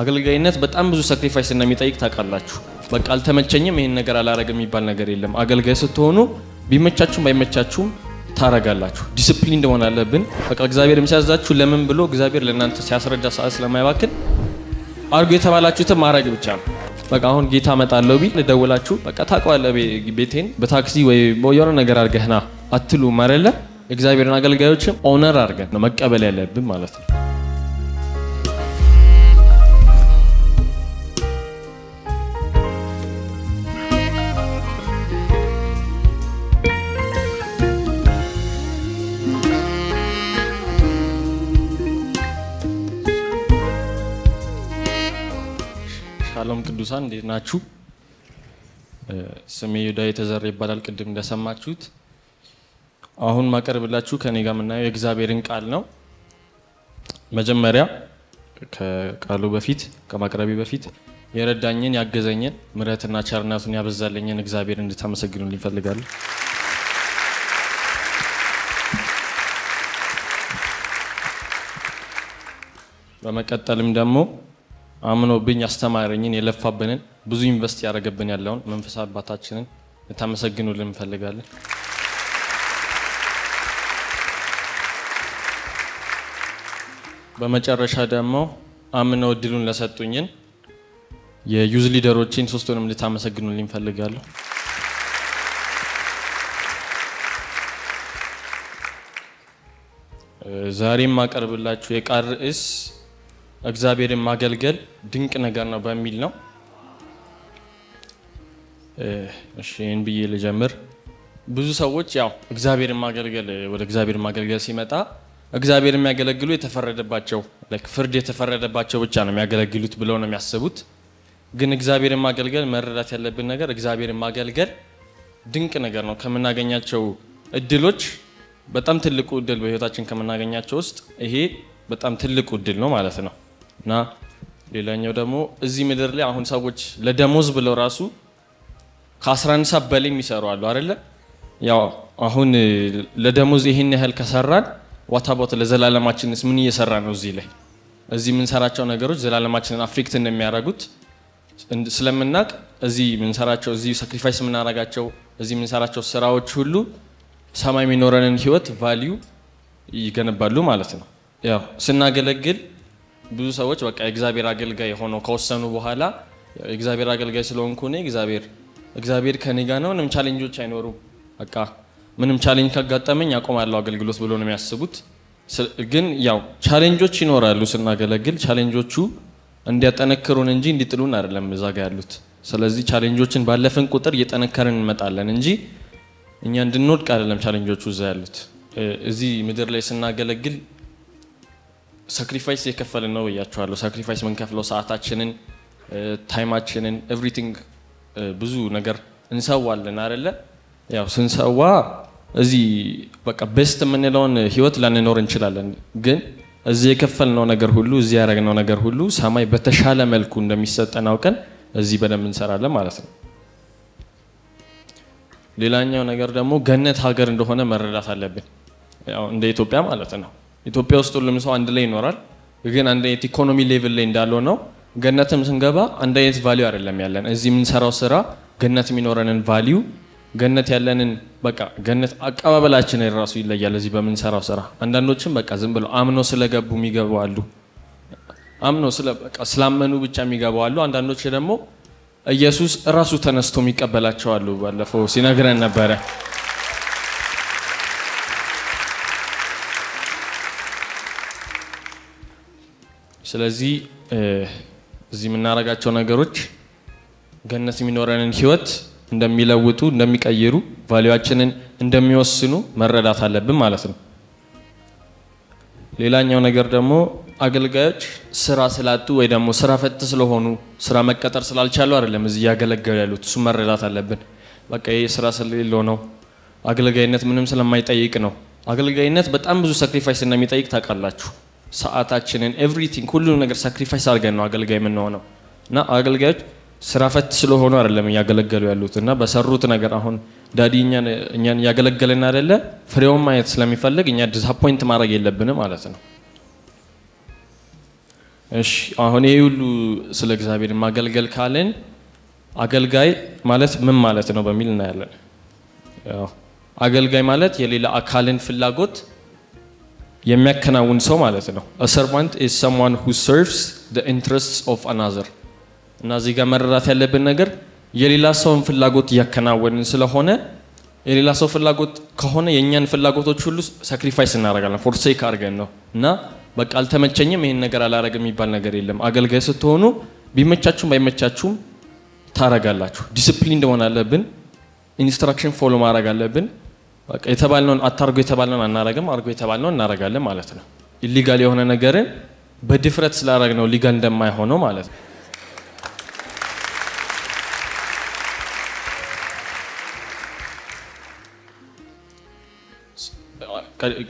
አገልጋይነት በጣም ብዙ ሳክሪፋይስ እንደሚጠይቅ ታውቃላችሁ። በቃ አልተመቸኝም፣ ይህን ነገር አላረግም የሚባል ነገር የለም። አገልጋይ ስትሆኑ ቢመቻችሁም ባይመቻችሁም ታረጋላችሁ። ዲስፕሊን እንደሆነ አለብን። በቃ እግዚአብሔር የሚያዛችሁ ለምን ብሎ እግዚአብሔር ለእናንተ ሲያስረዳ ሰዓት ስለማይባክን አድርጎ የተባላችሁትን ማድረግ ብቻ ነው። በቃ አሁን ጌታ እመጣለሁ ቢል ልደውላችሁ፣ በቃ ታውቀዋለህ፣ ቤቴን በታክሲ ወይ የሆነ ነገር አድርገህና አትሉም አይደለ? እግዚአብሔርን አገልጋዮችም ኦነር አድርገን ነው መቀበል ያለብን ማለት ነው። ቅዱሳን እንዴት ናችሁ? ስሜ ዩዳ የተዘራ ይባላል። ቅድም እንደሰማችሁት አሁን ማቀርብላችሁ ከኔ ጋር የምናየው የእግዚአብሔርን ቃል ነው። መጀመሪያ ከቃሉ በፊት ከማቅረቢ በፊት የረዳኝን ያገዘኝን ምሕረትና ቸርነቱን ያበዛለኝን እግዚአብሔር እንድታመሰግኑ እንፈልጋለን። በመቀጠልም ደግሞ አምኖብኝ አስተማረኝን የለፋብንን ብዙ ኢንቨስት ያደረገብን ያለውን መንፈስ አባታችንን ልታመሰግኑልን እንፈልጋለን። በመጨረሻ ደግሞ አምነው እድሉን ለሰጡኝን የዩዝ ሊደሮችን ሶስቱንም ልታመሰግኑልኝ እንፈልጋለሁ። ዛሬም አቀርብላችሁ የቃል ርዕስ እግዚአብሔርን ማገልገል ድንቅ ነገር ነው በሚል ነው። እሺን ብዬ ልጀምር። ብዙ ሰዎች ያው እግዚአብሔርን ማገልገል ወደ እግዚአብሔር ማገልገል ሲመጣ እግዚአብሔር የሚያገለግሉ የተፈረደባቸው ፍርድ የተፈረደባቸው ብቻ ነው የሚያገለግሉት ብለው ነው የሚያስቡት። ግን እግዚአብሔር ማገልገል መረዳት ያለብን ነገር እግዚአብሔርን ማገልገል ድንቅ ነገር ነው። ከምናገኛቸው እድሎች በጣም ትልቁ እድል በህይወታችን ከምናገኛቸው ውስጥ ይሄ በጣም ትልቁ እድል ነው ማለት ነው። እና ሌላኛው ደግሞ እዚህ ምድር ላይ አሁን ሰዎች ለደሞዝ ብለው ራሱ ከ11 ሰዓት በላይ የሚሰሩ አሉ አይደለ? ያው አሁን ለደሞዝ ይህን ያህል ከሰራን ዋታቦት ለዘላለማችንስ ምን እየሰራ ነው? እዚህ ላይ እዚህ የምንሰራቸው ነገሮች ዘላለማችንን አፌክት እንደሚያደርጉት ስለምናቅ እዚህ የምንሰራቸው እዚህ ሳክሪፋይስ የምናደርጋቸው እዚህ የምንሰራቸው ስራዎች ሁሉ ሰማይ የሚኖረንን ህይወት ቫሊዩ ይገነባሉ ማለት ነው። ያው ስናገለግል ብዙ ሰዎች በቃ የእግዚአብሔር አገልጋይ ሆነው ከወሰኑ በኋላ የእግዚአብሔር አገልጋይ ስለሆንኩ እኔ እግዚአብሔር እግዚአብሔር ከኔ ጋር ነው፣ ምንም ቻሌንጆች አይኖሩም፣ በቃ ምንም ቻሌንጅ ካጋጠመኝ አቆማለሁ አገልግሎት ብሎ ነው የሚያስቡት። ግን ያው ቻሌንጆች ይኖራሉ ስናገለግል፣ ቻሌንጆቹ እንዲያጠነክሩን እንጂ እንዲጥሉን አይደለም እዛ ጋ ያሉት። ስለዚህ ቻሌንጆችን ባለፍን ቁጥር እየጠነከርን እንመጣለን እንጂ እኛ እንድንወድቅ አይደለም ቻሌንጆቹ እዛ ያሉት። እዚህ ምድር ላይ ስናገለግል ሳክሪፋይስ የከፈልን ነው እያቸዋለሁ። ሳክሪፋይስ የምንከፍለው ሰዓታችንን፣ ታይማችንን፣ ኤቭሪቲንግ ብዙ ነገር እንሰዋለን አይደለ? ያው ስንሰዋ እዚህ በቃ ቤስት የምንለውን ህይወት ላንኖር እንችላለን። ግን እዚህ የከፈልነው ነገር ሁሉ እዚህ ያደረግነው ነገር ሁሉ ሰማይ በተሻለ መልኩ እንደሚሰጠን አውቀን እዚህ በደንብ እንሰራለን ማለት ነው። ሌላኛው ነገር ደግሞ ገነት ሀገር እንደሆነ መረዳት አለብን፣ ያው እንደ ኢትዮጵያ ማለት ነው። ኢትዮጵያ ውስጥ ሁሉም ሰው አንድ ላይ ይኖራል፣ ግን አንድ አይነት ኢኮኖሚ ሌቭል ላይ እንዳለው ነው። ገነትም ስንገባ አንድ አይነት ቫሊዩ አይደለም ያለን። እዚህ የምንሰራው ስራ ገነት የሚኖረንን ቫሊዩ ገነት ያለንን በቃ ገነት አቀባበላችን ራሱ ይለያል። እዚህ በምንሰራው ስራ አንዳንዶችም በቃ ዝም ብለው አምኖ ስለገቡ የሚገቡ አሉ። አምኖ ስላመኑ ብቻ የሚገቡ አሉ። አንዳንዶች ደግሞ ኢየሱስ እራሱ ተነስቶ የሚቀበላቸው አሉ። ባለፈው ሲነግረን ነበረ። ስለዚህ እዚህ የምናደርጋቸው ነገሮች ገነት የሚኖረንን ህይወት እንደሚለውጡ፣ እንደሚቀይሩ፣ ቫሊዋችንን እንደሚወስኑ መረዳት አለብን ማለት ነው። ሌላኛው ነገር ደግሞ አገልጋዮች ስራ ስላጡ ወይ ደግሞ ስራ ፈት ስለሆኑ ስራ መቀጠር ስላልቻሉ አይደለም እዚህ እያገለገሉ ያሉት። እሱ መረዳት አለብን። በቃ ይህ ስራ ስለሌለው ነው። አገልጋይነት ምንም ስለማይጠይቅ ነው። አገልጋይነት በጣም ብዙ ሳክሪፋይስ እንደሚጠይቅ ታውቃላችሁ። ሰዓታችንን ኤቭሪቲንግ ሁሉንም ነገር ሳክሪፋይስ አድርገን ነው አገልጋይ የምንሆነው እና አገልጋዮች ስራ ፈት ስለሆኑ አይደለም እያገለገሉ ያሉት እና በሰሩት ነገር አሁን ዳዲ እኛን እያገለገለን አይደለ ፍሬውን ማየት ስለሚፈልግ እኛ ዲስአፖይንት ማድረግ የለብንም ማለት ነው። እሺ አሁን ይህ ሁሉ ስለ እግዚአብሔር ማገልገል ካለን አገልጋይ ማለት ምን ማለት ነው በሚል እናያለን። አገልጋይ ማለት የሌላ አካልን ፍላጎት የሚያከናውን ሰው ማለት ነው። ሰርቫንት ኢዝ ሰምዋን ሁ ሰርቭስ ኢንትረስትስ ኦፍ አናዘር እና እዚህ ጋር መረዳት ያለብን ነገር የሌላ ሰውን ፍላጎት እያከናወንን ስለሆነ የሌላ ሰው ፍላጎት ከሆነ የእኛን ፍላጎቶች ሁሉ ሳክሪፋይስ እናደርጋለን። ፎርሴክ አድርገን ነው እና በቃ አልተመቸኝም፣ ይህን ነገር አላረግ የሚባል ነገር የለም። አገልጋይ ስትሆኑ ቢመቻችሁም ባይመቻችሁም ታረጋላችሁ። ዲስፕሊን እንደሆን አለብን። ኢንስትራክሽን ፎሎ ማድረግ አለብን። በቃ የተባልነውን አታርጎ የተባልነውን አናረግም፣ አርጎ የተባልነውን እናረጋለን ማለት ነው። ኢሊጋል የሆነ ነገርን በድፍረት ስላረግ ነው ሊጋል እንደማይሆነው ማለት ነው።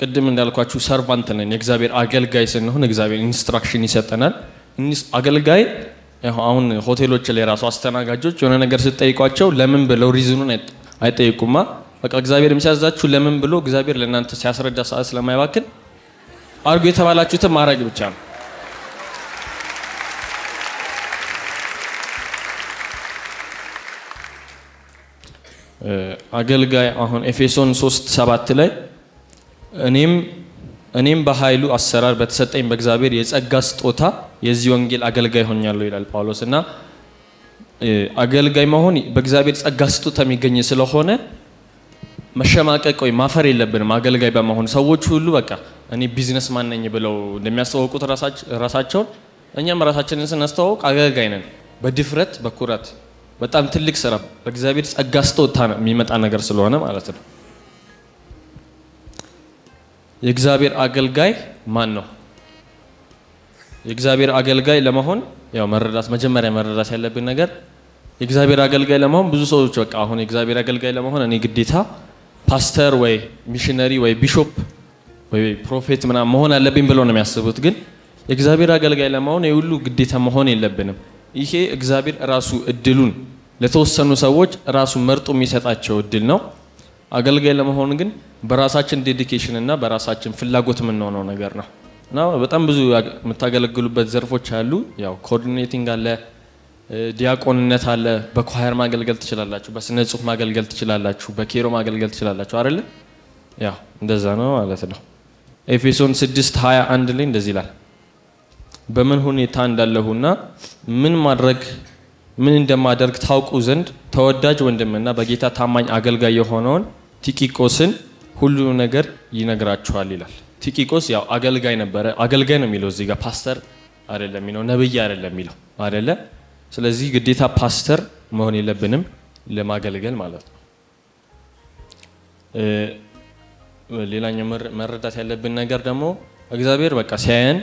ቅድም እንዳልኳችሁ ሰርቫንት ነን። የእግዚአብሔር አገልጋይ ስንሆን እግዚአብሔር ኢንስትራክሽን ይሰጠናል። አገልጋይ አሁን ሆቴሎች ላይ ራሱ አስተናጋጆች የሆነ ነገር ስትጠይቋቸው ለምን ብለው ሪዝኑን አይጠይቁማ በቃ እግዚአብሔርም ሲያዛችሁ ለምን ብሎ እግዚአብሔር ለእናንተ ሲያስረዳ ሰዓት ስለማይባክን አርጉ የተባላችሁትን ማድረግ ብቻ ነው። አገልጋይ አሁን ኤፌሶን 3 7 ላይ እኔም እኔም በኃይሉ አሰራር በተሰጠኝ በእግዚአብሔር የጸጋ ስጦታ የዚህ ወንጌል አገልጋይ ሆኛለሁ ይላል ጳውሎስ እና አገልጋይ መሆን በእግዚአብሔር ጸጋ ስጦታ የሚገኝ ስለሆነ መሸማቀቅ ወይ ማፈር የለብንም። አገልጋይ በመሆን ሰዎች ሁሉ በቃ እኔ ቢዝነስ ማነኝ ብለው እንደሚያስተዋውቁት ራሳቸውን እኛም ራሳችንን ስናስተዋውቅ አገልጋይ ነን። በድፍረት በኩራት በጣም ትልቅ ስራ በእግዚአብሔር ጸጋ ስተወታ የሚመጣ ነገር ስለሆነ ማለት ነው። የእግዚአብሔር አገልጋይ ማን ነው? የእግዚአብሔር አገልጋይ ለመሆን ያው መረዳት መጀመሪያ መረዳት ያለብን ነገር የእግዚአብሔር አገልጋይ ለመሆን ብዙ ሰዎች በቃ አሁን የእግዚአብሔር አገልጋይ ለመሆን እኔ ግዴታ ፓስተር ወይ ሚሽነሪ ወይ ቢሾፕ ወይ ፕሮፌት ምናምን መሆን አለብኝ ብለው ነው የሚያስቡት። ግን የእግዚአብሔር አገልጋይ ለመሆን የሁሉ ግዴታ መሆን የለብንም። ይሄ እግዚአብሔር ራሱ እድሉን ለተወሰኑ ሰዎች ራሱ መርጦ የሚሰጣቸው እድል ነው። አገልጋይ ለመሆን ግን በራሳችን ዴዲኬሽን እና በራሳችን ፍላጎት የምንሆነው ነገር ነው እና በጣም ብዙ የምታገለግሉበት ዘርፎች አሉ። ያው ኮኦርዲኔቲንግ አለ ዲያቆንነት አለ። በኳየር ማገልገል ትችላላችሁ፣ በስነ ጽሁፍ ማገልገል ትችላላችሁ፣ በኬሮ ማገልገል ትችላላችሁ። አይደለ? ያው እንደዛ ነው ማለት ነው። ኤፌሶን 6 21 ላይ እንደዚህ ይላል በምን ሁኔታ እንዳለሁና ምን ማድረግ ምን እንደማደርግ ታውቁ ዘንድ ተወዳጅ ወንድምና በጌታ ታማኝ አገልጋይ የሆነውን ቲኪቆስን ሁሉ ነገር ይነግራችኋል ይላል። ቲኪቆስ ያው አገልጋይ ነበረ። አገልጋይ ነው የሚለው እዚህ ጋር ፓስተር አይደለም የሚለው ነብይ አይደለም የሚለው አይደለ ስለዚህ ግዴታ ፓስተር መሆን የለብንም ለማገልገል ማለት ነው። ሌላኛው መረዳት ያለብን ነገር ደግሞ እግዚአብሔር በቃ ሲያየን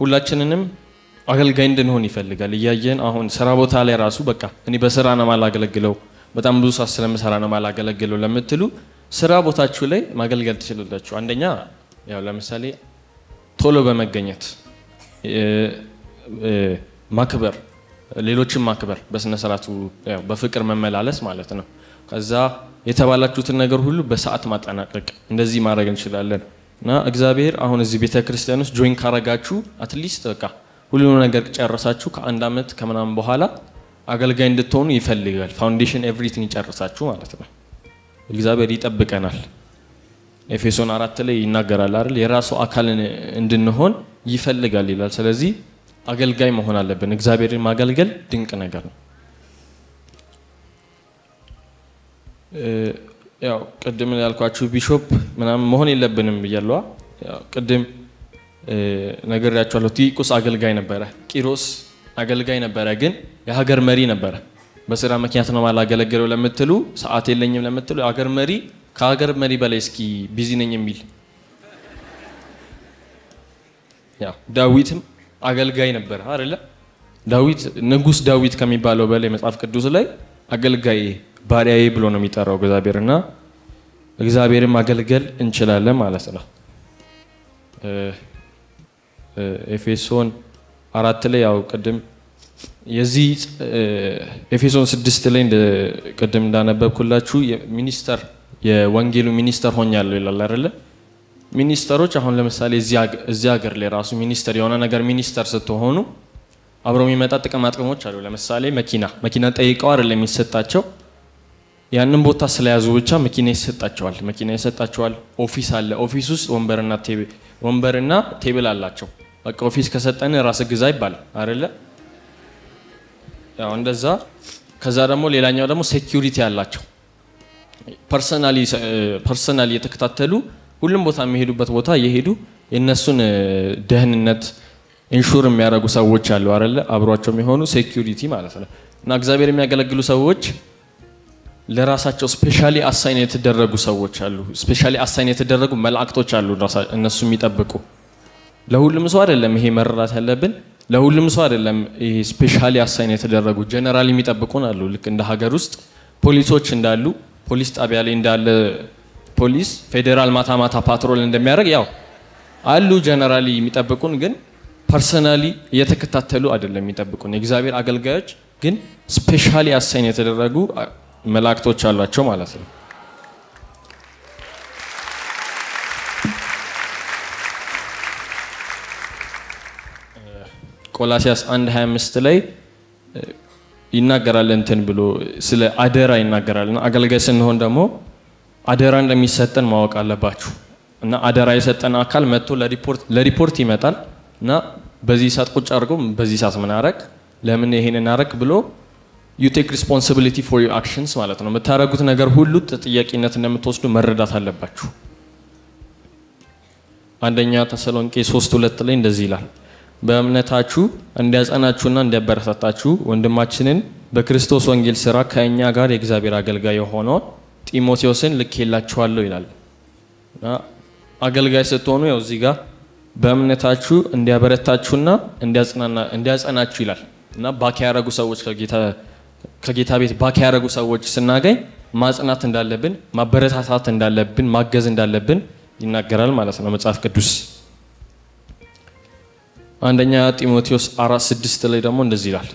ሁላችንንም አገልጋይ እንድንሆን ይፈልጋል። እያየን አሁን ስራ ቦታ ላይ ራሱ በቃ እኔ በስራ ነው ማላገለግለው በጣም ብዙ ሰዓት ስለምሰራ ነው ማላገለግለው ለምትሉ ስራ ቦታችሁ ላይ ማገልገል ትችላላችሁ። አንደኛ ያው ለምሳሌ ቶሎ በመገኘት ማክበር ሌሎችን ማክበር በስነ ስርዓቱ በፍቅር መመላለስ ማለት ነው። ከዛ የተባላችሁትን ነገር ሁሉ በሰዓት ማጠናቀቅ እንደዚህ ማድረግ እንችላለን እና እግዚአብሔር አሁን እዚህ ቤተ ክርስቲያን ውስጥ ጆይን ካረጋችሁ አትሊስት በቃ ሁሉንም ነገር ጨርሳችሁ ከአንድ ዓመት ከምናምን በኋላ አገልጋይ እንድትሆኑ ይፈልጋል። ፋውንዴሽን ኤቭሪቲንግ ይጨርሳችሁ ማለት ነው። እግዚአብሔር ይጠብቀናል። ኤፌሶን አራት ላይ ይናገራል አይደል? የራሱ አካልን እንድንሆን ይፈልጋል ይላል። ስለዚህ አገልጋይ መሆን አለብን። እግዚአብሔርን ማገልገል ድንቅ ነገር ነው። ያው ቅድም ያልኳችሁ ቢሾፕ ምናምን መሆን የለብንም እያለዋ ቅድም ነግሬያችኋለሁ። ቲቁስ አገልጋይ ነበረ፣ ቂሮስ አገልጋይ ነበረ፣ ግን የሀገር መሪ ነበረ። በስራ ምክንያት ነው አላገለግለው ለምትሉ፣ ሰዓት የለኝም ለምትሉ የሀገር መሪ ከሀገር መሪ በላይ እስኪ ቢዚ ነኝ የሚል ዳዊትም አገልጋይ ነበር አይደለ? ዳዊት ንጉስ ዳዊት ከሚባለው በላይ መጽሐፍ ቅዱስ ላይ አገልጋይ ባሪያዬ ብሎ ነው የሚጠራው እግዚአብሔር እና እግዚአብሔርን ማገልገል እንችላለን ማለት ነው። ኤፌሶን አራት ላይ ያው ቅድም የዚህ ኤፌሶን ስድስት ላይ ቅድም እንዳነበብኩላችሁ ሚኒስተር የወንጌሉ ሚኒስተር ሆኛለሁ ይላል አይደለ? ሚኒስተሮች አሁን ለምሳሌ እዚህ ሀገር ላይ ራሱ ሚኒስተር የሆነ ነገር ሚኒስተር ስትሆኑ አብሮ የሚመጣ ጥቅማ ጥቅሞች አሉ። ለምሳሌ መኪና መኪና ጠይቀው አይደለም የሚሰጣቸው፣ ያንን ቦታ ስለያዙ ብቻ መኪና ይሰጣቸዋል። መኪና ይሰጣቸዋል። ኦፊስ አለ። ኦፊስ ውስጥ ወንበርና ቴብል አላቸው። በቃ ኦፊስ ከሰጠን ራስ ግዛ ይባላል አይደለ? ያው እንደዛ። ከዛ ደግሞ ሌላኛው ደግሞ ሴኪሪቲ አላቸው። ፐርሰናሊ የተከታተሉ ሁሉም ቦታ የሚሄዱበት ቦታ እየሄዱ የእነሱን ደህንነት ኢንሹር የሚያደርጉ ሰዎች አሉ አለ አብሯቸው የሚሆኑ ሴኪሪቲ ማለት ነው። እና እግዚአብሔር የሚያገለግሉ ሰዎች ለራሳቸው ስፔሻሊ አሳይን የተደረጉ ሰዎች አሉ። ስፔሻሊ አሳይን የተደረጉ መላእክቶች አሉ እነሱ የሚጠብቁ። ለሁሉም ሰው አይደለም ይሄ መረዳት ያለብን። ለሁሉም ሰው አይደለም ይሄ ስፔሻሊ አሳይን የተደረጉ ጀነራል የሚጠብቁን አሉ። ልክ እንደ ሀገር ውስጥ ፖሊሶች እንዳሉ ፖሊስ ጣቢያ ላይ እንዳለ ፖሊስ ፌዴራል ማታ ማታ ፓትሮል እንደሚያደርግ ያው አሉ ጀነራሊ የሚጠብቁን ግን ፐርሰናሊ እየተከታተሉ አይደለም የሚጠብቁን። የእግዚአብሔር አገልጋዮች ግን ስፔሻሊ አሳይን የተደረጉ መላእክቶች አሏቸው ማለት ነው። ቆላሲያስ 1 25 ላይ ይናገራል እንትን ብሎ ስለ አደራ ይናገራል። አገልጋይ ስንሆን ደግሞ አደራ እንደሚሰጠን ማወቅ አለባችሁ እና አደራ የሰጠን አካል መጥቶ ለሪፖርት ይመጣል እና በዚህ ሰዓት ቁጭ አድርጎ በዚህ ሰዓት ምን አረግ ለምን ይሄን እናረግ ብሎ ዩ ቴክ ሪስፖንሲቢሊቲ ፎር ዩ አክሽንስ ማለት ነው። የምታደረጉት ነገር ሁሉ ተጠያቂነት እንደምትወስዱ መረዳት አለባችሁ። አንደኛ ተሰሎንቄ ሶስት ሁለት ላይ እንደዚህ ይላል በእምነታችሁ እንዲያጸናችሁና እንዲያበረታታችሁ ወንድማችንን በክርስቶስ ወንጌል ስራ ከእኛ ጋር የእግዚአብሔር አገልጋይ የሆነውን ጢሞቴዎስን ልኬላችኋለሁ ይላል። አገልጋይ ስትሆኑ ያው እዚህ ጋር በእምነታችሁ እንዲያበረታችሁና እንዲያጸናችሁ ይላል እና ባኪ ያረጉ ሰዎች ከጌታ ቤት ባኪ ያረጉ ሰዎች ስናገኝ ማጽናት እንዳለብን፣ ማበረታታት እንዳለብን፣ ማገዝ እንዳለብን ይናገራል ማለት ነው መጽሐፍ ቅዱስ። አንደኛ ጢሞቴዎስ አራት ስድስት ላይ ደግሞ እንደዚህ ይላል፣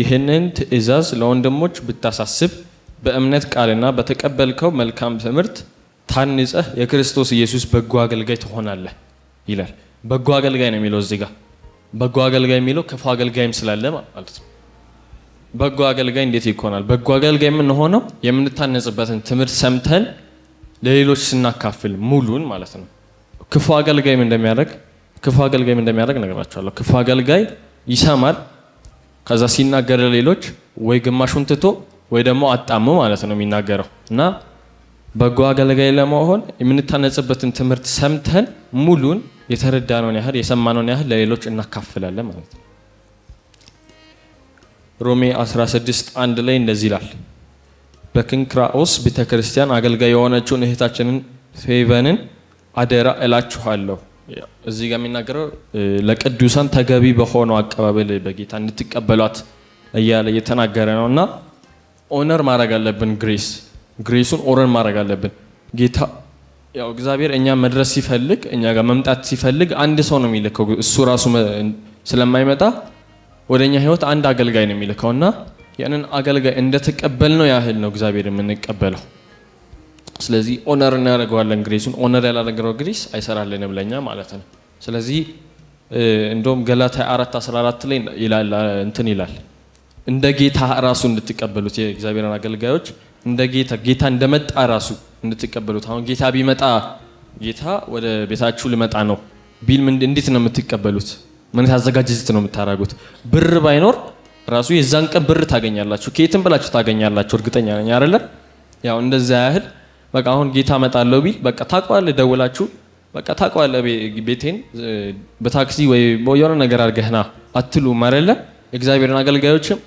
ይህንን ትእዛዝ ለወንድሞች ብታሳስብ በእምነት ቃልና በተቀበልከው መልካም ትምህርት ታንጸህ የክርስቶስ ኢየሱስ በጎ አገልጋይ ትሆናለህ ይላል። በጎ አገልጋይ ነው የሚለው እዚህ ጋር በጎ አገልጋይ የሚለው ክፉ አገልጋይም ስላለ ማለት ነው። በጎ አገልጋይ እንዴት ይኮናል? በጎ አገልጋይ የምንሆነው የምንታነጽበትን ትምህርት ሰምተን ለሌሎች ስናካፍል ሙሉን ማለት ነው። ክፉ አገልጋይም እንደሚያደርግ ክፉ አገልጋይም እንደሚያደርግ ነግራቸዋለሁ። ክፉ አገልጋይ ይሰማል፣ ከዛ ሲናገር ለሌሎች ወይ ግማሹን ትቶ ወይ ደግሞ አጣሙ ማለት ነው የሚናገረው እና በጎ አገልጋይ ለመሆን የምንታነጽበትን ትምህርት ሰምተን ሙሉን የተረዳነውን ያህል የሰማነውን ያህል ለሌሎች እናካፍላለን ማለት ነው። ሮሜ 16 አንድ ላይ እንደዚህ ይላል፣ በክንክራኦስ ቤተ ክርስቲያን አገልጋይ የሆነችውን እህታችንን ፌቨንን አደራ እላችኋለሁ። እዚህ ጋር የሚናገረው ለቅዱሳን ተገቢ በሆነው አቀባበል በጌታ እንድትቀበሏት እያለ እየተናገረ ነው እና ኦነር ማድረግ አለብን። ግሬስ ግሬሱን ኦነር ማድረግ አለብን። ጌታ ያው እግዚአብሔር እኛ መድረስ ሲፈልግ እኛ ጋር መምጣት ሲፈልግ አንድ ሰው ነው የሚልከው። እሱ ራሱ ስለማይመጣ ወደ እኛ ህይወት አንድ አገልጋይ ነው የሚልከው እና ያንን አገልጋይ እንደተቀበልነው ያህል ነው እግዚአብሔር የምንቀበለው። ስለዚህ ኦነር እናደርገዋለን። ግሬሱን ኦነር ያላደረገው ግሬስ አይሰራልንም ለእኛ ማለት ነው። ስለዚህ እንደውም ገላታ አራት 14 ላይ እንትን ይላል እንደ ጌታ ራሱ እንድትቀበሉት የእግዚአብሔርን አገልጋዮች እንደ ጌታ ጌታ እንደመጣ ራሱ እንድትቀበሉት። አሁን ጌታ ቢመጣ ጌታ ወደ ቤታችሁ ልመጣ ነው ቢል እንዴት ነው የምትቀበሉት? ምን አዘጋጅት ነው የምታደርጉት? ብር ባይኖር ራሱ የዛን ቀን ብር ታገኛላችሁ፣ ከየትም ብላችሁ ታገኛላችሁ። እርግጠኛ ነኝ አይደለ? ያው እንደዛ ያህል በቃ አሁን ጌታ መጣለው ቢል በቃ ታውቀዋለህ፣ ደውላችሁ በቃ ታውቀዋለህ፣ ቤቴን በታክሲ ወይ የሆነ ነገር አድርገህና አትሉም አይደለ? እግዚአብሔርን አገልጋዮችም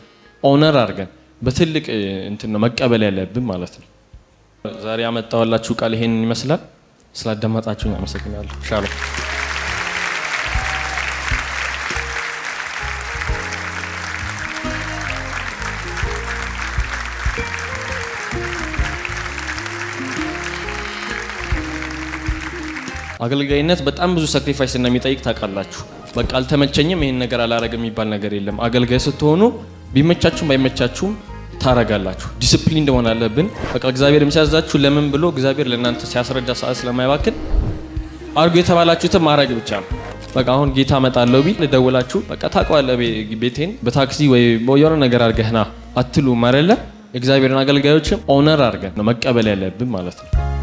ኦነር አድርገን በትልቅ እንትን ነው መቀበል ያለብን ማለት ነው። ዛሬ ያመጣዋላችሁ ቃል ይሄንን ይመስላል። ስላዳመጣችሁኝ አመሰግናለሁ። ሻሎ አገልጋይነት በጣም ብዙ ሳክሪፋይስ እንደሚጠይቅ ታውቃላችሁ። በቃ አልተመቸኝም፣ ይህን ነገር አላረግም የሚባል ነገር የለም። አገልጋይ ስትሆኑ ቢመቻችሁም ባይመቻችሁም ታረጋላችሁ። ዲስፕሊን እንደሆነ አለብን። በቃ እግዚአብሔር ሲያዛችሁ ለምን ብሎ እግዚአብሔር ለእናንተ ሲያስረዳ ሰዓት ስለማይባክን አድርጎ የተባላችሁትን ማድረግ ብቻ ነው። በቃ አሁን ጌታ እመጣለሁ ቢል ልደውላችሁ፣ በቃ ታውቀዋለህ፣ ቤቴን በታክሲ ወይ የሆነ ነገር አድርገህና አትሉም አይደለ? እግዚአብሔርን አገልጋዮችም ኦነር አድርገን ነው መቀበል ያለብን ማለት ነው።